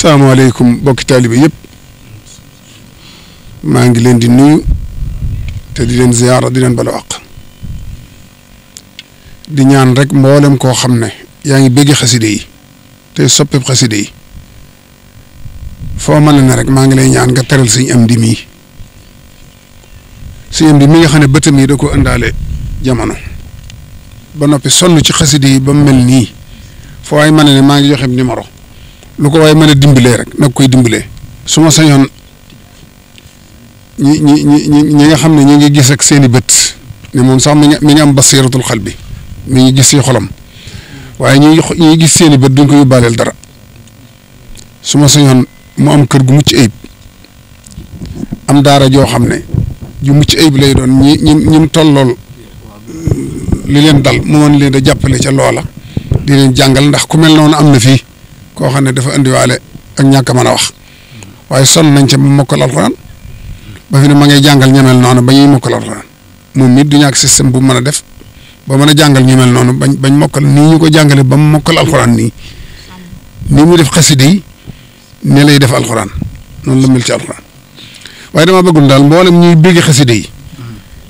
salaamaaleykum bokki taalibe yëpp maa ngi leen di nuyu te di leen ziyaara di leen balu àq di ñaan rek mboolem koo xam ne yaa ngi bégg xaside yi te soppib xaside yi foo man na rek maa ngi lay ñaan nga teral sëñ am di mii sëñ am di mi nga xam ne bëtam yi da ko ëndaale jamono ba noppi sonn ci xaside yi ba mu nii foo ay mën ne maa ngi joxe numéro lu ko waaye mën a dimbalee rek nag koy dimbalee su ma sañoon ñi ñi ñi ñi nga xam ne ñu ngi gis ak seen i bët ne moom mi ngi mi ngi am xal bi mi ngi gis ci waaye ñi ngi gis seeni i bët duñ ko yóbbaaleel dara su ma sañoon mu am kër gu mucc ayib am daara joo xam ne ju mucc ayib lay doon ñi ñi ñi mu tollool li leen dal mu mën leen a jàppale ca loola di leen jàngal ndax ku mel noonu am na fii. koo xam ne dafa indiwaale ak ñàkk mën a wax waaye son nañ ca mu mokkal alxuraan ba fi ne ma ngay jàngal ñemel noonu ba ñuy mokkal alxuraan mu nit du ñàkk système bu mën a def ba mën a jàngal ñemel noonu bañ bañ mokkal nii ñu ko jàngalee ba mu mokkal alxuraan nii nii mu def xaside yi ne lay def alxuraan noonu la ci alxuraan waaye dama bëggul daal mboolem ñuy bégg xaside yi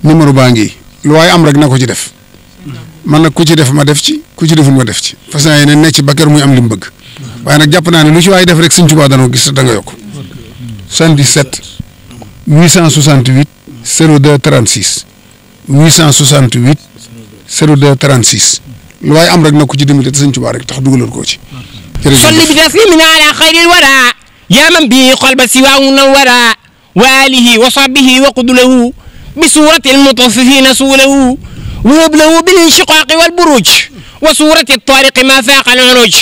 numéro baa ngi lu waaye am rek na ko ci def man nag ku ci def ma def ci ku ci deful ma def ci fas yéene ne ci ba kër muy am li mu bëgg. waaye nag jàpp naa ne lu ci waay def rek Sëñ Tuubaa danoo gis da nga yokk 77 868 02 36 868 02 36 lu waay am rek na ko ci dimbali te Sëñ Tuubaa rek tax dugalal koo ci. jërëjëf solli bi tas mi naa la xayril wara yaamam bi xol ba si waawu na wara wa alihi wa sahbihi wa qudulahu bi suurati almutaffifina suulahu wa yublahu bil inshiqaqi wal buruj wa suurati tariqi ma faaqa al uruj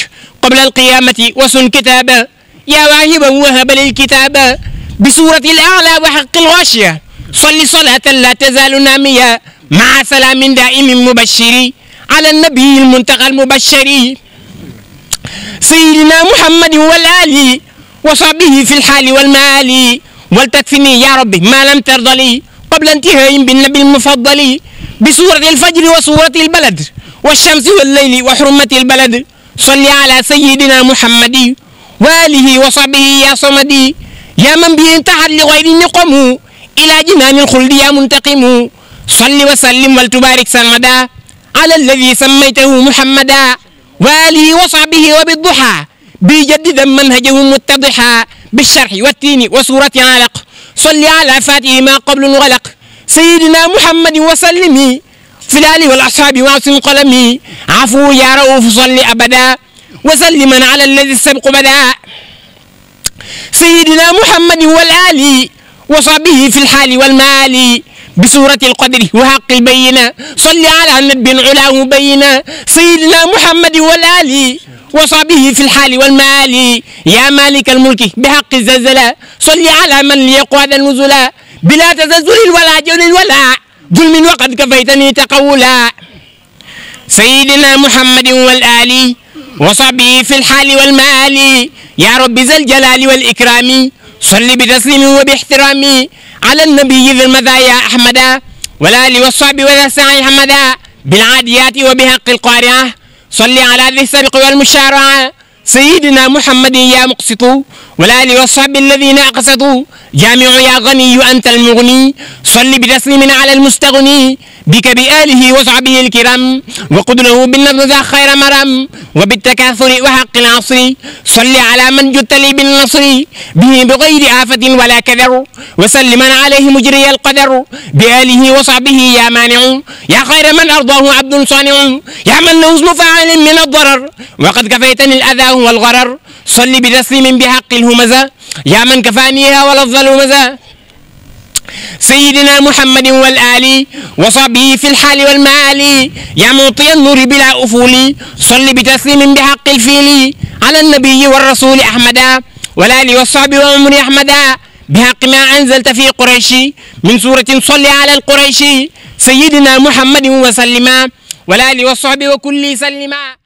قبل القيامة وسن كتابا يا واهبا وهب للكتابا بسورة الأعلى وحق الغاشية صل صلاة لا تزال نامية مع سلام دائم مبشر على النبي المنتقى المبشر سيدنا محمد والآل وصحبه في الحال والمآل ولتكفني يا ربي ما لم ترض لي قبل انتهاء بالنبي المفضل بسورة الفجر وسورة البلد والشمس والليل وحرمة البلد صل على سيدنا محمد وآله وصحبه يا صمدي يا من به انتحر لغير النقم إلى جنان الخلد يا منتقم صل وسلم ولتبارك سرمدا على الذي سميته محمدا وآله وصحبه وبالضحى بجدد منهجه متضحى بالشرح والتين وسورة علق صل على فاته ما قبل غلق سيدنا محمد وسلمي filaani wal ashaabi waasin qalami afu yaa ra'uuf salli abada wa salliman ala alladi sabqu bada sayidina muhammadin wal aali wa sahbihi fi lxaali wal maali بسورة القدر وحق البينة صل على نبي علاه بينة سيدنا محمد والآل وصحبه في الحال والمال يا مالك الملك بحق الزلزلة صل على من ليقعد النزلا بلا تزلزل ولا جن ولا ظلم وقد كفيتني تقولا سيدنا محمد والآل وصحبه في الحال والمآل يا رب ذا الجلال والإكرام صل بتسليم وباحترام على النبي ذي المزايا أحمد والآل والصحب وذا السعي حمدا بالعاديات وبحق القارعة صل على ذي السبق والمشارعة sayidina muhammadin ya muqsitu wala ali wa sahbi alladina aqsatu jaamiu ya ganiyu anta almugni salli bi taslimin ala almustagni bika bi alihi wa sahbihi alkiram wa qud lahu binnadri za xayra maram wa bittakaathuri wa haqqi lasri salli ala man juttali binnasri bihi bi gayri afatin wala kadar wa salliman alayhi mujri alqadar bi alihi wa sahbihi ya maniu ya xayra man ardahu abdun saniu ya man lahu ismu faailin min addarar wa qad kafaytani aladha والهوم والغرر صل بتسليم بحق الهمزة يا من كفانيها ولفظ الهمزة سيدنا محمد والآل وصحبه في الحال والمآل يا معطي النور بلا أفول صل بتسليم بحق الفيل على النبي والرسول أحمد والآل والصحب وأمر أحمد بحق ما أنزلت في قريش من سورة صل على القريش سيدنا محمد وسلم والآل والصحب وكل سلما